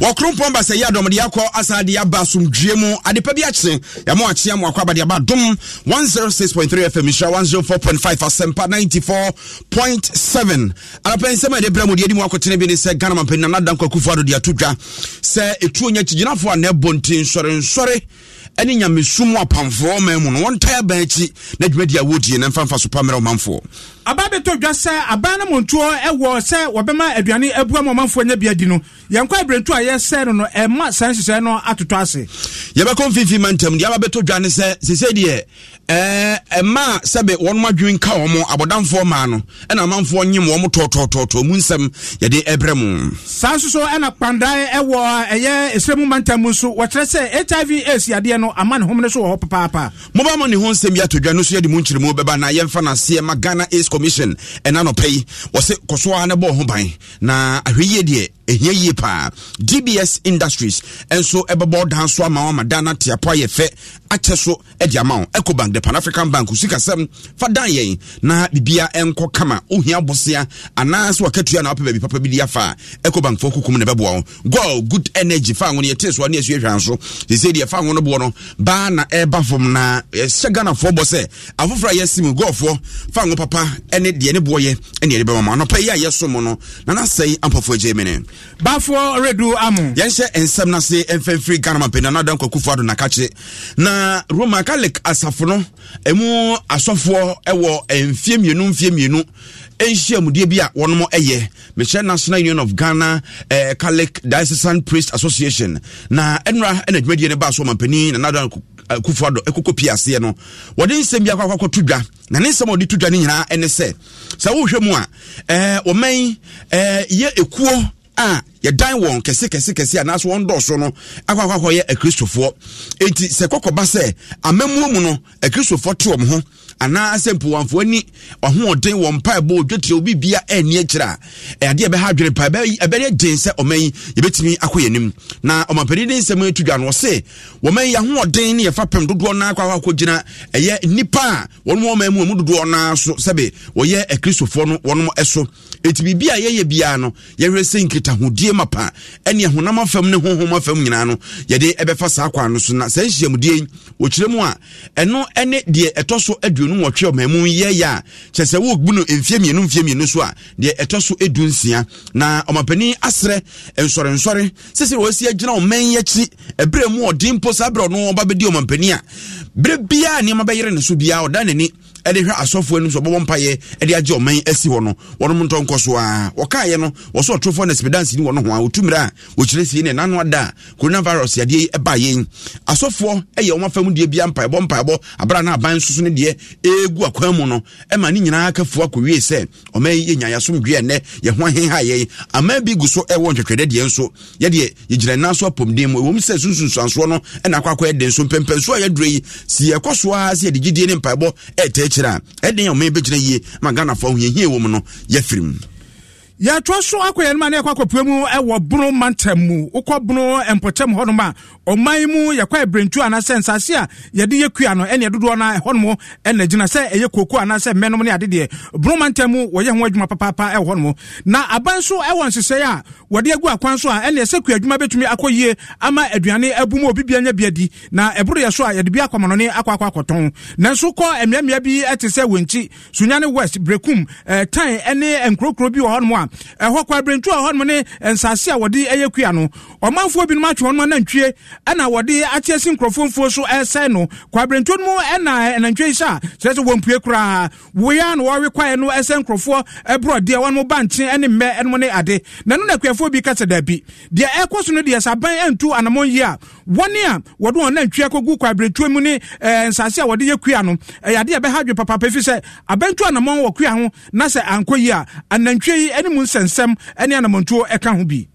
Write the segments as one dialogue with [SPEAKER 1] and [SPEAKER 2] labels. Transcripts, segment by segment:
[SPEAKER 1] wɔkoro mpɔn ba sɛ yɛ adɔmde akɔ asade aba asomdwe mu adepa bi akyere yɛma akyea mo akɔ abade aba dom 106.3 fm nhyira 104.5 asɛmpa 94.7 anapɛ nsɛm a yɛde brɛ mu deɛ di mu akɔtene bi ne sɛ ghana mampani nana da nkwakufo ado de ato dwa sɛ ɛtuo nya kyigyinafoɔ a na ɛbɔ nten nsɔrensɔre ɛne nyamesum apamfoɔ ma mu no wɔntae abɛn akyi na adwumadi a wɔdie na mfa so pa mmerɛ ɔmanfoɔ
[SPEAKER 2] aba bɛtɔ dwa sɛ aban no montoɔ ɛwɔ sɛ wɔbɛma aduane abua ma ɔmanfoɔ nyɛ bi adi no yɛnkɔ abirentu a yɛsɛ no no ɛma saa nhyehyɛe no atotɔ ase yɛbɛkɔ mfimfii ma ntam deɛ aba bɛtɔ dwa ne sɛ sesei deɛ ɛma sɛbe wɔnom adwen ka wɔ mo abɔdamfoɔ
[SPEAKER 1] maa no ɛna amanfoɔ nyem wɔ mo tɔɔtɔɔtɔɔtɔ mu nsɛm yɛde ɛbrɛ mu
[SPEAKER 2] saa nso so ɛna kpandae ɛwɔ ɛyɛ ɛsrɛ mu mantam mu nso wɔkyerɛ sɛ hiv as adeɛ no ama ne hom no so wɔ hɔ papaapa mobɛma ne ho nsɛm yɛ atodwa no so yɛde mu nkyerɛmu bɛba na yɛmfa no aseɛ ma ghana as
[SPEAKER 1] commission ɛna nɔpɛ yi wɔsɛ kɔsoa ne bɔɔ ho ban na ahwɛ yie deɛ ɛhia yie paa dbs industries nso ɛbɛbɔ dan so ama wama dan no ateapɔ ayɛ fɛ akyɛ so de ama wo ecobank the pan african bank sikasɛm fa dan yɛn na biribia ɛnkɔ kama wohia bosea anaasɛ wakatua na wopɛ baabi papa bi di afa a ecobank foɔ kukum ne bɛboa wo gol good energy fa wo no yɛtee soa ne asu ahwan so sɛsɛ deɛ fa wo no boɔ no baa na ɛreba fam na ɛhyɛ ghanafoɔ bɔ sɛ afoforɔ a yɛasi mu golfoɔ fa wo papa ne deɛ ne boɔ yɛ ne ɛde bɛma ma anɔpa yi a yɛso no na nasɛe ampafoɔ agye mene bafoɔ redu amu. yɛnhyɛ nsɛm na se mfɛnfiri ghana mampanin na n'adan kɔkɔ fo adona kakyire na Roma catholic asafo no emu asɔfoɔ ɛwɔ mfie mmienu mfie mmienu nhyiamudeɛ bi a wɔnom ɛyɛ mekyerɛ national union of ghana eh, catholic diocesan priest association na ɛnora ɛna dwumadie no baa so mampanin na n'adan kufo eh, ado ɛkɔkɔ pii aseɛ no wɔde nsɛm bi akɔ to dwa na ne nsɛm a wɔde to dwa no nyinaa ɛne sɛ sɛ wohwɛ mu a ɛɛ wɔmɛn ɛɛ yɛ ekuo a yɛdan wɔn kɛsekɛsekɛse anaasɛ wɔn dɔɔso no akɔ akɔ akɔyɛ akristofoɔ enti sɛ kɔkɔba sɛ amammuo mu no akristofoɔ te wɔn ho anaasɛ mpowanfoɔ ni ɔhoɔden wɔ mpa ɛbɔ odwetire obi bia ɛni akyerɛ a ɛadeɛ ɛbɛha adwene pa ɛbɛyɛ den sɛ ɔman yi yɛbɛtumi akɔ yɛn anim na ɔmampanin ne nsɛm atu dwa no ɔse wɔman yi ahoɔden ne yɛfa pɛm dodoɔ naa kɔ akɔ gyina ɛyɛ nnipa a wɔn wɔn man mu ɔmu dodoɔ naa so sɛbe wɔyɛ akristofoɔ no wɔn ɛso eti biribi a yɛyɛ biara no yɛhwɛ sɛ nkitahodie ma pa ɛne ɛhonam afam ne honhom afam nyinaa no yɛde ɛbɛfa saa kwan no so na sɛ aduonu wɔtwe ɔman mu yɛyɛ a kyɛ sɛ wɔɔgu no mfie mmienu mfie mmienu so a deɛ ɛtɔ so edu nsia na ɔmapanin asrɛ nsɔrensɔre sisi wɔsi agyina ɔman yɛ akyi ɛberɛ mu ɔden mpo saa berɛ ɔno ɔba bɛdi ɔmapanin a berɛ biara nneɛma bɛyere ne so biara ɔda n'ani ɛde hwɛ asɔfoɔ anim sɛ ɔbɛbɔ mpayɛ ɛde agye ɔman asi hɔ no wɔnom ntɔ nkɔ so a wɔkaeɛ no wɔsɛ ɔtorofoɔ no asimidanse ni wɔ no ho a wɔtu mmerɛ a wɔkyerɛ sie ne ɛna no ada a coronavirus yadeɛ yi ɛbaa yɛn asɔfoɔ ɛyɛ wɔn afa mu deɛ bia mpaebɔ mpaebɔ abera no aban soso ne deɛ ɛgu akwan mu no ɛma ne nyinaa kafoɔ akɔwie sɛ ɔma yi yɛ nyayasomdwe ɛnɛ yɛ ho ahenha yɛn ama bi gu so ɛwɔ ntwɛtwɛdɛ deɛ nso yɛdeɛ yɛgyina nna so apɔmden mu ɛwɔm sɛ sunsunsuansoɔ no ɛna akɔ akɔ ɛde nso mpɛmpɛ nso a yɛdurɛ yi si ɛkɔ so ara sɛ yɛde gyidie ne mpaebɔ ɛɛtɛɛkyi e kyerɛ a ɛden a ɔma bɛgyina yie ma ghanafoɔ
[SPEAKER 2] ahohiahia wɔ mu no yɛafiri mu ya so akɔ yɛnom a ne ɛkɔ akɔpua mu ɛwɔ bono mantam mu wokɔ bono mpɔtam hɔnom a ɔman mu yɛkɔ ɛbrɛntu anaasɛ nsase a yɛde yɛ kua no ɛne ɛdodoɔ no ɛhɔnom ɛna gyina sɛ ɛyɛ koko anaasɛ mmɛnom ne adedeɛ boroma ntam mu wɔyɛ ho adwuma papaapa ɛwɔ hɔnom na aban so ɛwɔ nhyehyɛe a wɔde agu akwan so a ɛne ɛsɛ kua adwuma bɛtumi akɔ yie ama aduane abu mu obi bia nya na ɛboro yɛ so a yɛde bi akɔmɔnɔne akɔ akɔ akɔtɔn nanso kɔ mmeammea bi te sɛ wɔnkyi sunyane west brekum ɛtan eh, ne nkurokuro bi wɔ hɔnom a ɛhɔ kɔ abrɛntu a hɔnom ne nsase a wɔde ɛyɛ kua no ɔmanfoɔ binom atwe hɔnom anantwie ɛna wɔde akyɛ si nkurɔfoɔ mfuo so ɛsɛe no kwabrɛntuo no mu ɛna ɛnantwa yi hyɛ a kyerɛ sɛ wɔmpue koraa woyɛ a na wɔwe kwaeɛ no ɛsɛ nkurɔfoɔ ɛborɔ deɛ wɔnom ba nkyen ne mmɛ ɛnom ne ade na no na akuafoɔ bi kasa daabi deɛ ɛkɔ so no deɛ sɛ aban antu anammɔn yi a wɔne a wɔde wɔn nantwie akɔgu kwabrɛntuo mu ne eh, nsase a wɔde yɛ kua no ɛyɛ adeɛ ɛbɛha adwe papapa fi sɛ abantu anammɔn wɔ kua ho na sɛ ankɔ yi a anantwie yi ne mu nsɛnsɛm ne anammɔntuo ɛka ho bi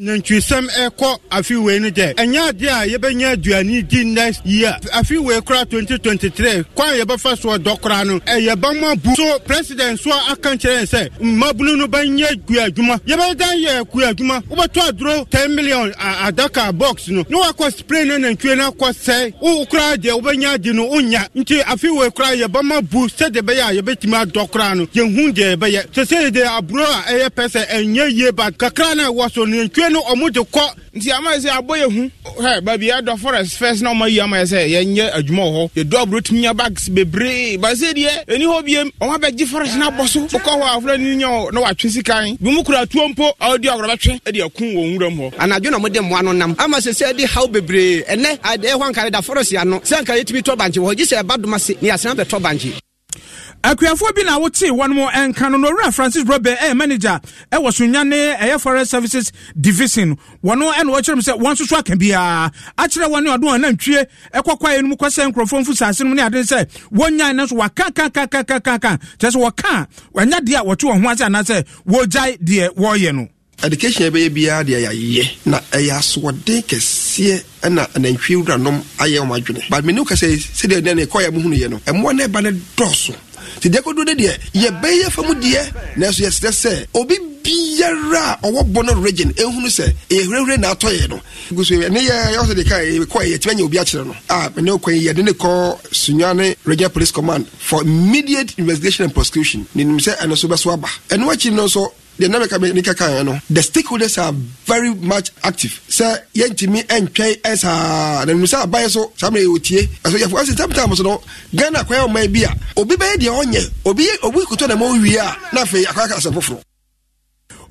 [SPEAKER 2] nantwisɛm ɛkɔ afiwei no dɛ ɛnyɛ adeɛ a yɛbɛnya aduane di next year afiwei kora 2023 kwan a yɛbɛfa soɔ dɔ kora no ɛyɛ bama bu so president so aka nkyerɛ sɛ mmabunu no bɛnyɛ kua adwuma yɛbɛdan yɛ kua adwuma wobɛtɔ aduro 10 million adaka box no na wakɔ spray no nantwie no akɔ sɛe wo kora deɛ wobɛnya adi no wonya nti afiwei kora yɛbɛma bu sɛdeɛ ɛbɛyɛ a yɛbɛtumi adɔ kora no yɛhu deɛ yɛbɛyɛ sɛ sɛ yɛde aburo a ɛyɛ pɛ sɛ ɛnyɛ yie ba kakra no ɛwɔ so nantwie adeɛ no ɔmo de kɔ nti ama yɛ sɛ abɔ yɛ hu hɛ baabi yɛdɔ forest first na ɔmo ayi ama yɛ sɛ yɛnyɛ adwuma wɔ hɔ yɛdɔ aburo tumi nya bags bebree baasi deɛ ɛni hɔ biem ɔmo abɛgye forest na abɔ so wokɔ hɔ afura ni nyɛ na watwe sikan bi mu kura tuo mpo a ɔdi agorɔ bɛtwe
[SPEAKER 3] ɛdi e ɛkun wɔn wura mu hɔ. anadwo na ɔmo mmoa no nam ama sɛ sɛ ɛdi haw bebree ɛnɛ adeɛ hɔ nkae da forest ano sɛ nkae yɛtumi tɔ bankye wɔ hɔ gye sɛ ɛba doma se ne yɛasan bɛtɔ bankye akuafoɔ
[SPEAKER 2] bi na wotee wɔnom ɛnka no no owura francis brobe ɛyɛ manager ɛwɔ sonya ne ɛyɛ foreign services division wɔno ɛna wɔkyerɛ m sɛ wɔn nso so aka biara akyerɛ wɔn ne ɔdo wɔn nantwie ɛkɔkɔɛ no mu kɔsɛ nkurɔfoɔ mfu saase no mu ne ade sɛ wɔnyae no nso wɔakakankankankankan kyerɛ sɛ wɔka ɛnyɛ deɛ a wɔte wɔn ho ase anaasɛ wɔgyae deɛ wɔreyɛ no education
[SPEAKER 3] bɛyɛ biara deɛ yɛayɛ na ɛyɛ asoɔden kɛseɛ ɛna anantwie wuranom ayɛ wɔn adwene but mene wo ka sɛ sɛdeɛ nɛ ne ɛkɔyɛ mohunu yɛ no ɛmmoa no ɛba no dɔɔso nti deɛ kodo de deɛ yɛbɛyɛ fam deɛ nanso yɛsrɛ sɛ obi biara a ɔwɔ bɔ no ɛhunu sɛ ɛyɛhurɛhurɛ na atɔ yɛ no ne yɛ yɛwɔ sɛ yɛtumi anya obi akyerɛ no a mene wokwan yɛde ne kɔ sunwa ne regional police command for immediate investigation and prosecution nenim sɛ ɛno so bɛso aba ɛno akyi no nso deɛ na meka ne kɛkaɛ no the stakeholders are very much active sɛ yɛntumi ɛntwɛn ɛsaa na nim sɛ abayɛ so saa mmerɛ yɛwɔtie ɛso yɛfo ɛsɛ samtam so no ghana kwan ɔma bi a obi bɛyɛ deɛ ɔnyɛ obi obi koto na ma owie a na afei akɔaka asɛm foforɔ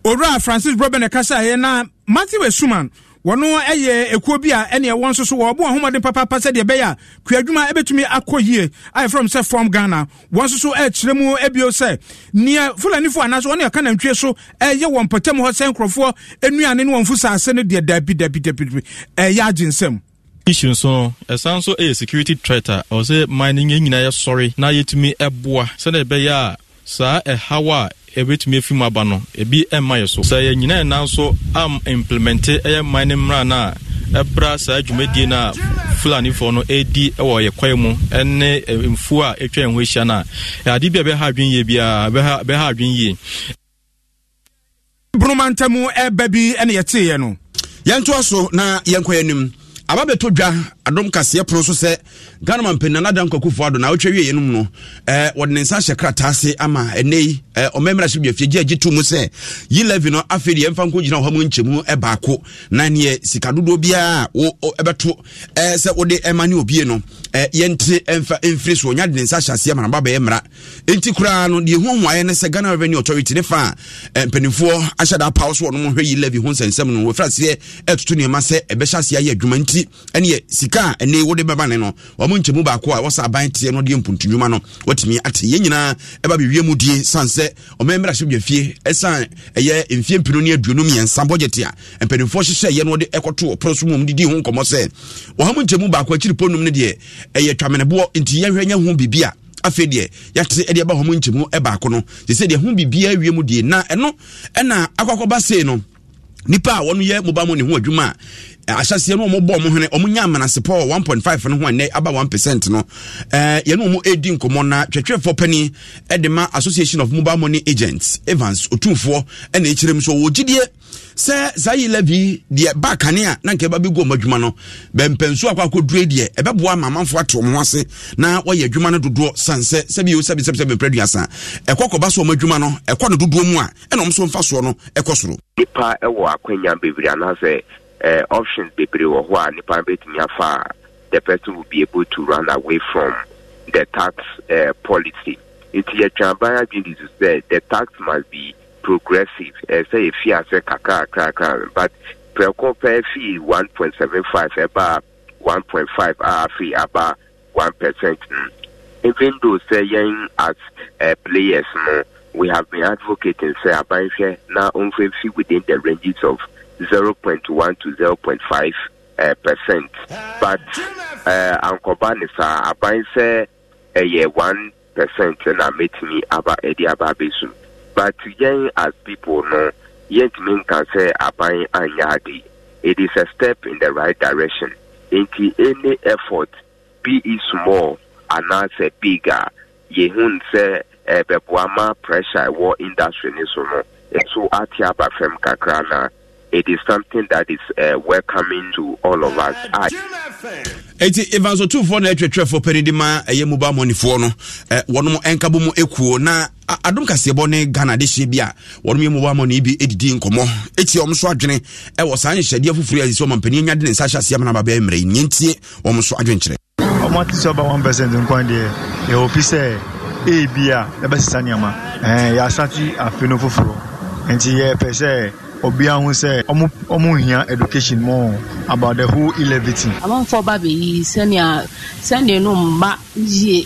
[SPEAKER 3] owura francis brobe ne
[SPEAKER 2] kasaeɛ na matthew asuman wɔno ɛyɛ ekuo bi a ɛne ɛwɔ nso so wɔbɔ ahomaden papaapa sɛdeɛ ɛbɛyɛ a kuadwuma ɛbɛtumi akɔ yie ayɛ fɛm sɛ fam ghana wɔn nso so ɛkyerɛ eh, mu ebio sɛ nea fulanifo anaso wɔne ɛka nantwie so ɛyɛ eh, wɔn pɔtɛm hɔ sɛ nkurɔfoɔ enuane ne wɔn fusaase no deɛ dabi dabi dabi ɛyɛ eh, agye nsam. issue nso ɛsan nso yɛ security threat a ɔsɛ man ne nyinaa yɛ sɔre na yɛtumi ɛboa sɛdeɛ ɛbɛyɛ a saa ɛhaw a ɛbɛtumi afi mu aba no ebi mma yɛ so sɛ yɛ nyinaa ɛna nso am implemente ɛyɛ man ne mmeran a ɛbra saa dwumadie no a fulanifoɔ no ɛdi wɔ yɛ kwae mu ɛne eh, mfuo a ɛtwa yɛn ho ahyia no a ade bi a bɛha adwen yie biara bɛha adwen yie boroma ntam ɛba bi ne yɛteeɛ no yɛntoa so na yɛnkɔ anim aba bɛtɔ dwa adom kaseɛ
[SPEAKER 1] pono so sɛ ghana mampanana da nkwakufoɔ ado na wotwa wie yɛnom no wɔde ne nsa hyɛ krataa ase ama ɛnɛ yi ɔmammerɛ sɛ biafie gye agye to mu sɛ yi levi no afei deɛ ɛmfa nkɔ gyina ɔha mu nkyɛmu baako na neɛ sika dodoɔ biara ɛbɛto sɛ wode ɛma ne obie no yɛnte ɛmfa ɛmfiri so ɔnya de ne nsa hyɛ aseɛ manaba bɛyɛ mmara enti koraa no deɛ ho hoaeɛ ne sɛ ghana revenue authority ne fa a mpanimfoɔ ahyɛ da apaw so ɔnom hwɛ yi levi ho nsɛnsɛm no wɔfiri aseɛ ɛtoto nneɛma sɛ ɛbɛhyɛ aseɛ ayɛ adwuma nti ɛneɛ sika sika a ɛne wode bɛba ne no ɔmo nkyɛmu baako a wɔsɛ aban teɛ no deɛ mpuntudwuma no watumi ate yɛn nyinaa ɛba bɛwie mu die san sɛ ɔma mmerahyɛ dwafie ɛsan ɛyɛ mfie mpino ne aduonu mmiɛnsa bɔgyete a mpanimfoɔ hyehyɛ yɛ no wɔde ɛkɔto ɔporɔ so mu mu didi ho nkɔmmɔ sɛ ɔhamo nkyɛmu baako akyiri pɔ num no deɛ ɛyɛ twameneboɔ nti yɛhwɛ nyɛ ho biribi a afei deɛ yɛate ɛde ɛba hɔ mu nkyɛmu baako no te sɛ deɛ ho biribiaa awie mu die na ɛno ɛna akɔkɔba sei no nipa a wɔn yɛ mobile money ho adwuma ahyɛseɛ no ɔmobɔ ɔmo hwene ɔmo nya amanasepɔ 1.5 no ho ɛnɛ aba 1 percent no eh, yɛne ɔmo ɛdi nkɔmmɔ na twɛtwerɛfoɔ pani de ma association of mobile money agents evans ɔtumfoɔ ɛna ɛkyerɛ mu so ɔwɔ gyidie sɛ saa yi levi deɛ baa kane a na nka ɛba bɛgu ɔmo adwuma no bɛmpansuo akɔ akɔdure deɛ ɛbɛboa ma ato ɔmo ase na wɔyɛ adwuma no dodoɔ san sɛ sɛbi o sɛbi sɛbi sɛbi pɛrɛ duasa ɛkɔ kɔba so ɔmo adwuma no ɛkɔ no dodoɔ mu a ɛna ɔmo so mfa soɔ no ɛkɔ soro.
[SPEAKER 4] nipa wɔ akwanya bebree anaasɛ uh, options bebree wɔ hɔ a nipa betumi afa the person will be able to run away from the tax uh, policy nti yɛtwa ban agyendi to sɛ the tax must be progressive ɛsɛ uh, eh, efi asɛ kakrakrakra but prɛko pɛɛ fee one point seven five ɛba one point five a fee aba one percent even though sɛ yɛn as uh, players no we have been advocating sɛ aban hwɛ na ɔnfɛn fee within the ranges of. 0.1 to 0.5 uh, eh, percent but ankɔba ne saa aban sɛ ɛyɛ 1 percent eh, na mɛtumi aba ɛde eh, aba abɛsum but again, as people no yɛntumi nka sɛ aban anyɛ ade it is a step in the right direction nti any effort be it small not big bigger, yɛhun sɛ ɛbɛboa ma pressure ɛwɔ industry ne so no nso e ate aba fam kakra na it is something that is uh, welcoming to all of us. I- eti
[SPEAKER 1] evansotumfoɔ na ɛtwɛtwɛfoɔ pɛni de ma ɛyɛ mobile moneyfoɔ no eh, wɔnom ɛnkabo mu ɛkuo na adom kaseɛbɔ ne ghana de hyɛ bi a wɔnom yɛ mobile money bi ɛdidi nkɔmmɔ ɛti ɔm so adwene ɛwɔ eh, saa nhyɛdeɛ foforɔ yɛ sɛ ɔmampani nya de ne nsa hyɛ aseɛ ma no ababɛɛ nyɛntie ɔm so adwenkyerɛ
[SPEAKER 2] ɔmo ati sɛ ɔba one percent nkwan deɛ yɛwɔ pi sɛ ebi a ɛbɛsesa nneɛma yɛasate afei no foforɔ nti yɛpɛ sɛ obiara ho sɛ ɔmo hia education mu about the whole e-levity.
[SPEAKER 3] amanfoɔ ba bɛyi sɛnea sɛnea no mba yie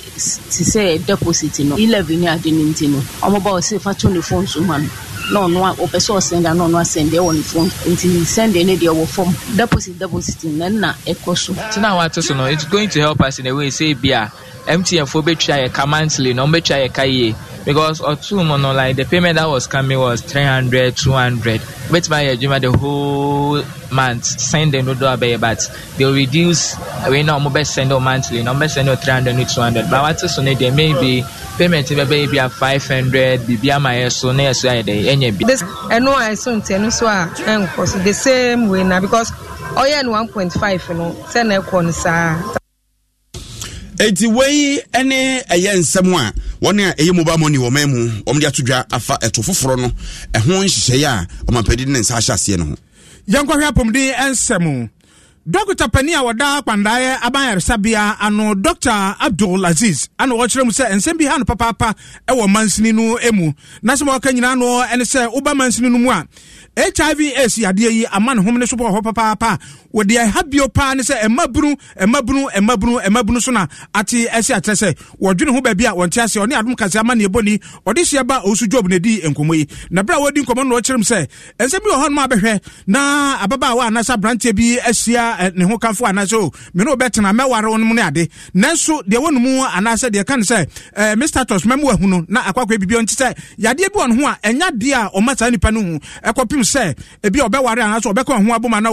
[SPEAKER 3] te sɛ deposit no e-levy ne ade ne nti no ɔmo ba ɔsi fa to ne phone so ma no na no. a ɔpɛ sɛ ɔsɛnda na ɔno asɛndeɛ wɔ ne fom nti sɛndeɛ no deɛ wɔ fam deposit deposit na na ɛkɔ so nti
[SPEAKER 4] na wɔato so no it's going to help us in a way sɛ bia mtn fo bɛtwa yɛ monthly na ɔmbɛtwa yɛ yie because ɔtoo mu no like the payment that was coming was three hundred two hundred wobɛtumi ayɛ adwuma the whole month send the dodoɔ abɛyɛ but they reduce wei na ɔmo bɛsɛn no monthly na ɔmo bɛsɛn no three hundred two hundred but wɔate so no deɛ maybe. payment bɛbɛyɛ bi a five hundred bibi ama yɛ so na yɛ so ayɛ dɛ ɛnyɛ bi. ɛno a ɛso nti ɛno so a ɛnkɔ so the same way na because ɔyɛ no one point five no sɛ na ɛkɔ saa.
[SPEAKER 1] eti wei ne ɛyɛ nsɛm a wɔn a ɛyɛ mobile money wɔ mɛn mu wɔn de ato dwa afa ɛto foforɔ no ɛho nhyehyɛeɛ a ɔmampanin ne nsa ahyɛ aseɛ no
[SPEAKER 2] ho. yɛnkɔhwɛ apɔmuden nsɛm. dɔkta pani a wɔda kpandaeɛ abanyaresabea ano dɔkta abdul aziz ana wɔkyerɛ mu sɛ nsɛm bi ha no papaapa ɛwɔ mansini no mu na sɛ ma wɔka nyinaa no ɛne sɛ woba mansini no mu a hiv as adeɛ yi ama ne hom ne so bɔ hɔ papaapa wɔde ɛhabio paa ne sɛ emebu ɛmabunu ɛmabunu so na ate ɛsi akyerɛ sɛ wɔdwene ho baabi a wɔnte ase ɔne adom kase ama neɛ bɔni ɔde hyia ba ebe job na ɛdi nkɔmmɔ yi na berɛ a wɔdi nkɔmmɔ no ɔkyerɛm sɛ ɛnsɛm bi wɔ abɛhwɛ na ababaawa anaasɛ aberanteɛ bi ahyia ne ho kamfo anaasɛ o oh, me ne wobɛtena mɛware wo nom ne ade nanso deɛ wɔ no mu deɛ ka ne sɛ mr wahu no na bibia nti sɛ yadeɛ bi wɔ no ho a ɛnya deɛ a ɔma saa nnipa no hu ɛkɔpem sɛ ebi ɔbɛware ho aboma na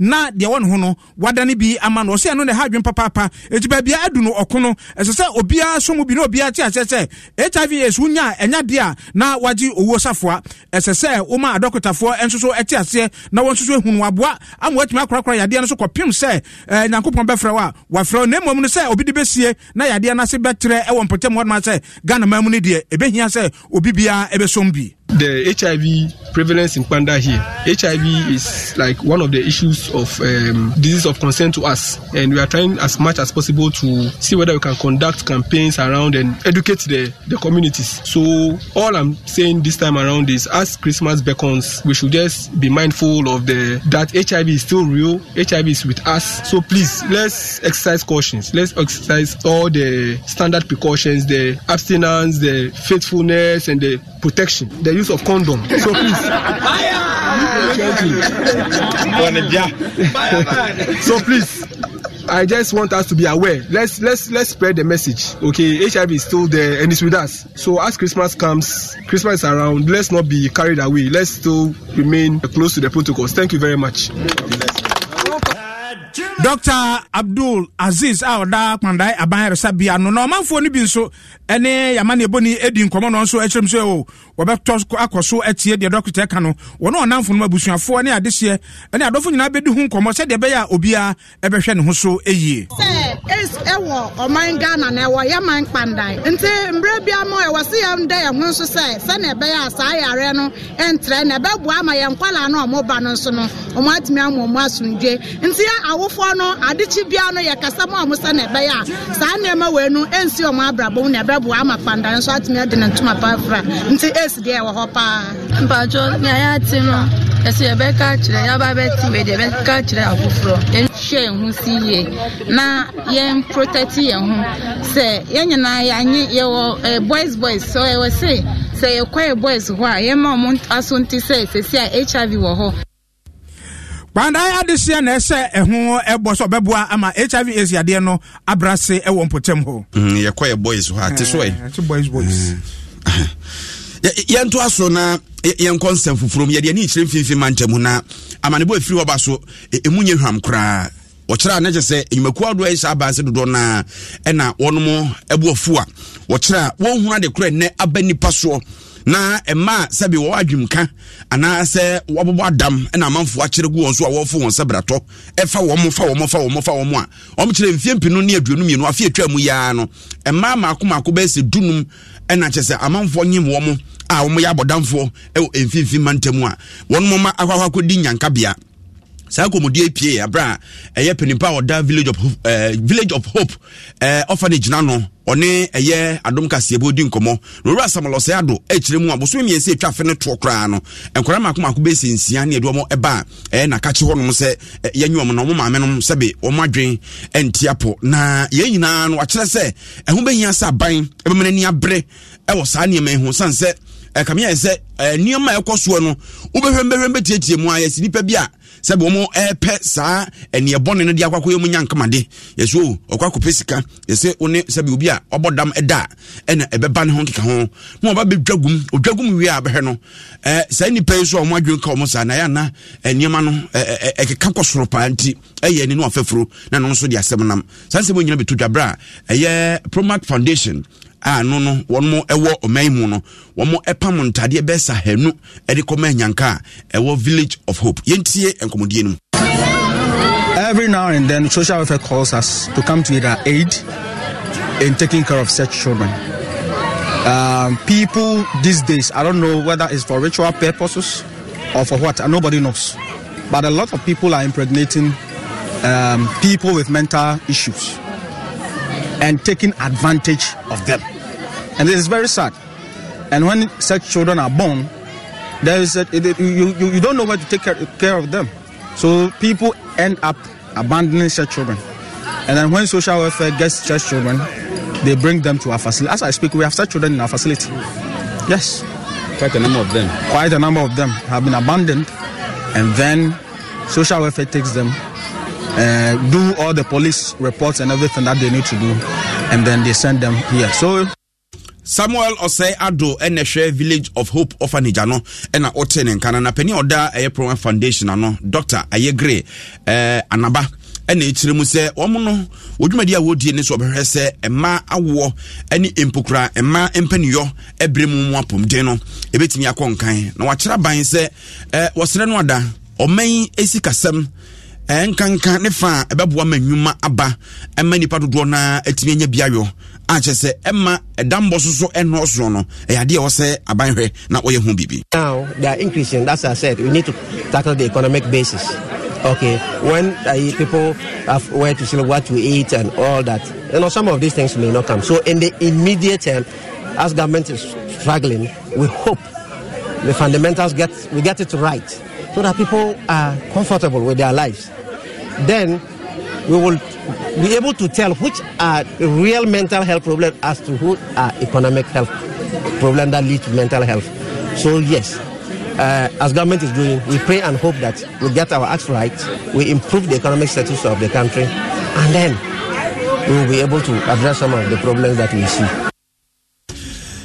[SPEAKER 2] na deɛ wɔn ho no wadane bi ama no ɔsɛ ɛno na ɛha adwene papaapa eti baabi adu no ɔko no ɛsɛ sɛ obiara so mu bi na obiara te aseɛ sɛ hiv aids wonya ɛnya deɛ na wagye owuo safoa ɛsɛ sɛ woma adɔkotafoɔ nso so te aseɛ na wɔn nso so ehunu aboa ama wɔatumi akorakora yadeɛ no so kɔpem sɛ ɛɛ eh, nyankopɔn bɛfrɛ wa wafrɛ na mmom no sɛ obi de bɛsie na yadeɛ no ase bɛtrɛ ɛwɔ mpɔtam hɔ nom sɛ ghana man mu no deɛ
[SPEAKER 3] ɛbɛhia sɛ obi biara ɛbɛsom bi the HIV prevalence in Panda here. HIV is like one of the issues of um, disease of concern to us, and we are trying as much as possible to see whether we can conduct campaigns around and educate the, the communities. So, all I'm saying this time around is as Christmas beckons, we should just be mindful of the that HIV is still real, HIV is with us. So, please let's exercise cautions, let's exercise all the standard precautions, the abstinence, the faithfulness, and the protection the use of condom so please so please i just want us to be aware let's let's let's spread the message okay hiv is still there and it's with us so as christmas comes christmas is around let's not be carried away let's still remain close to the protocols thank you very much. Yeah. dr abdul
[SPEAKER 2] aziz a ɔda kpandae aban resabea no na ɔmanfoɔ no bi nso ne yamane di no nso akyerɛm sɛ o wɔbɛtɔ akɔ so atie deɛ dɔkta ka no wɔne ɔnamfo nom abusuafoɔ ne ne adɔfo nyinaa bɛdi ho sɛdeɛ ɛbɛyɛ a ɛbɛhwɛ ne ho yie
[SPEAKER 4] sɛ ɛwɔ ɔman ghana na ɛwɔ nti ɛwɔ a saa no na ɛbɛboa ama no
[SPEAKER 2] nso no ɔmo ọnụ bịa ọnụ ya kasa
[SPEAKER 4] mụ ọmụsa na ebe ya saa na-eme wee nu ensi ọmụ abrabụ na ebe bụ ama kpandara nso atụm ya dị na ntụma pafra nti esi dị ya hụ hɔ paa. mpatsɔ nya ya ti nɔ ɛsɛ yɛ bɛ ka kyerɛ yaba bɛ ti wɛ deɛ bɛ ka kyerɛ afoforɔ. yɛnhwɛ yɛn ho si yie na
[SPEAKER 3] yɛn protect yɛn ho sɛ yɛn nyinaa yɛanye yɛwɔ ɛɛ eh, boys boys so yɛwɔ se sɛ yɛkɔ yɛ boys hụ a yɛn ma wɔn aso nti sɛ sɛsi a hiv wọ hụ.
[SPEAKER 2] brandaa adehyeɛ na ɛhyɛ ɛho ɛbɔ sɛ ɔbɛboa ama hiv as adeɛ no abrase ɛwɔ mpɔtam hɔ
[SPEAKER 1] mhm, yɛkɔ yɛ boys hɔ ate so eh, yɛnto aso na yɛnkɔ nsɛm foforɔ mu yɛde ne nkyerɛ mfimfim ma njem na amanebɔ ɛfiri hɔ ba so ɛmu e-, nyɛ hwam koraa wɔkyerɛ na kyɛ sɛ nnwumakuo abaa sɛ dodoɔ noa ɛna wɔnom ɛboafu a wɔkyerɛ a nnipa soɔ na ɛma sɛbi wɔwɔ adwumka anaasɛ wɔbobɔ adam ɛna amanfoɔ akyerɛ gu wɔn so a wɔfo wɔn sɛbratɔ ɛfa wɔn fa wɔn fa wɔn fa wɔn a wɔn kyerɛ mfie mpinu ne aduonu mmienu afi atwa mu yaa no mmaa mako mako bɛyɛ sɛ dunum ɛna kyerɛ sɛ amanfoɔ nyim wɔn a wɔn yɛ abɔdanfoɔ ɛwɔ mfimfin mantam a wɔn mo ma akɔ akɔ di nyankabea saa kɔmɔdie pie abira ɛyɛ panimpa a ɔda village of ɛɛ uh, village of hope ɛɛ ɔfane gyina no ɔne ɛyɛ adom kaseɛ bɛ odi nkɔmɔ na owura samalɔsɛ ado akyire mu a bosomi mmiɛnsa atwa afɛ ne toɔ koraa no nkwadaa mako mako bɛ si nsia ne ɛdoɔ mo ɛba a ɛyɛ n'akakye hɔnom sɛ eh, yɛnyi wɔn na wɔn maame nom sɛbi wɔn adwen ɛnti na yɛn nyinaa no wakyerɛ sɛ ɛho bɛhia sɛ aban ɛbɛmɛ n'ani abere ɛwɔ saa nneɛma yi ho san sɛ ɛkame eh, yɛ sɛ ɛɛ nneɛma a ɛkɔ soɔ no wobɛhwɛ mbɛhwɛ mbɛtiatia mu a yɛsi nipa bi a sɛ bi wɔn ɛɛpɛ saa ɛnìyɛ bɔnne no de akɔ akɔyɛ mu nya nkamade yɛsɛ o ɔkɔ akɔpɛ sika yɛsɛ o ne sɛ bi obi a ɔbɔ dam ɛda a ɛna ɛbɛba ne ho keka ho na ɔba bɛ dwa gum odwa gum wie a bɛhɛ no ɛɛ saa nipa yi so a wɔn adwene ka wɔn saa na yɛ ana ɛnìyɛma no ɛɛ ɛkeka kɔ soro paa nti ɛyɛ ɛni no afɛforo na no nso de asɛm nam saa nsɛm nyinaa bɛtu dwabra ɛyɛ promac foundation ano no wɔnom ɛwɔ ɔman yi mu no wɔn ɛpam ntadeɛ bɛsa hɛnu ɛde kɔma nyanka ɛwɔ village of
[SPEAKER 2] hope yɛntie nkɔmmɔdie no Every now and then, social welfare calls us to come to either aid in taking care of such children. Um, people these days, I don't know whether it's for ritual purposes or for what, nobody knows. But a lot of people are impregnating um, people with mental issues and taking advantage of them. And it is very sad. And when such children are born, there is a, you, you, you don't know where to take care, care of them. So people end up abandoning such children. And then when social welfare gets such children, they bring them to our facility. As I speak, we have such children in our facility. Yes. Quite a number of them. Quite a number of them have been abandoned. And then social welfare takes them uh, do all the police reports and everything that they need to do, and then they send them here. So. samuel ɔsɛe
[SPEAKER 1] ado ɛna ɛhwɛ village of hope orphanage ano ɛna ɔte ne nkana na panin ɔda ɛyɛ program foundation ano dr ayegre eh, ɛɛ anaba ɛna ekyire mu sɛ wɔn no odwumadi a wɔredie ne so ɔbɛhwɛ sɛ mmaa awoɔ ɛne mpokura mmaa mpaniyɔ ɛbere mu mu apɔmuden no ebetumi akɔ nkan na wakyerɛ aban sɛ ɛɛ eh, wɔsrɛ no ada ɔman esi kasɛm. nkanka ne fa ɛbɛboa ma aba ma nipa dodoɔ na atumi anya biayɔ akyɛ sɛ ɛma ɛdambɔ so so no ɛyɛ adeɛ ɛwɔ sɛ na wɔyɛ ho biribi
[SPEAKER 3] now they are increasing that's what i said we need to tackle the economic basis okay when uh, people have where to sell what to eat and all that you know some of these things may not come so in the immediate term as government is struggling we hope the fundamentals get we get it right so that people are comfortable with their lives then we will be able to tell which are real mental health problems as to who are economic health problems that lead to mental health. So yes, uh, as government is doing, we pray and hope that we get our acts right, we improve the economic status of the country, and then we will be able to address some of the problems that we see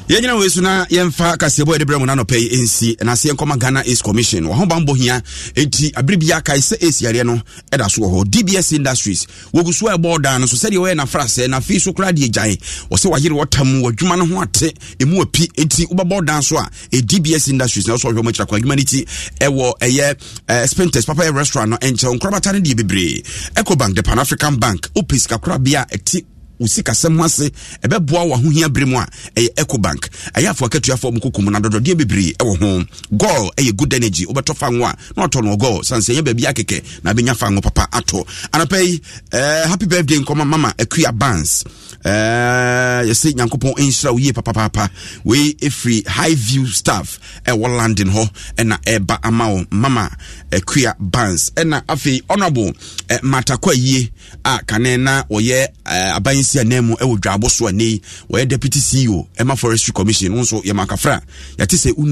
[SPEAKER 1] yɛnyina wei so na yɛmfa kaseɛbɔ yɛde berɛ mu no anɔpɛ yi ɛnsi ɛnase yɛnkɔma ghana ace commission wɔhobanbɔ hia ɛnti abere bia kae sɛ ace yareɛ no ɛda so wɔ hɔ dbs industries wɔgu so a ɛbɔɔ daa no so sɛdeɛ wɔyɛ nafrasɛ na afei so koraa deɛ gyae wɔ sɛ wayere wɔta mu wadwuma no ho ate ɛmu api ɛnti wobɛbɔɔ daa so a dbs industries na ɛwɔ sɛ wɔhwɛ makyira kwan adwuma no ti ɛwɔ ɛyɛ spintex papa restaurant no ɛnkyɛ wo nkorabata no deɛ bebree ecobank the pan african bank wopɛ sikakorabea ɛte wo sikasɛm ho ase ɛbɛboa wo ahohia bere mu a ɛyɛ bank ɛyɛ afo akatuafoɔ mu kokom na dɔdɔdeɛ bebree ɛwɔ ho gol ɛyɛ good energy wobɛtɔ fa ngo a na ɔtɔ no gol sane sɛ ɛyɛ baabi akekɛ na bɛnya fa ngo papa atɔ anapa eh, happy birthday nkɔma mama akua bans Eh, yɛsɛ nyankopɔn nhyira wo yie papapaapa wei ɛfiri high view staff ɛwɔ london hɔ ɛna ɛba ama wo mama akua eh, bans ɛna afei honorable eh, matakɔ ayie a kane na wɔyɛ abansi anan mu ɛwɔ dwaabɔ so anei wɔyɛ deputy ceo ɛma forestry commission wo nso yɛmakafra yɛte sɛ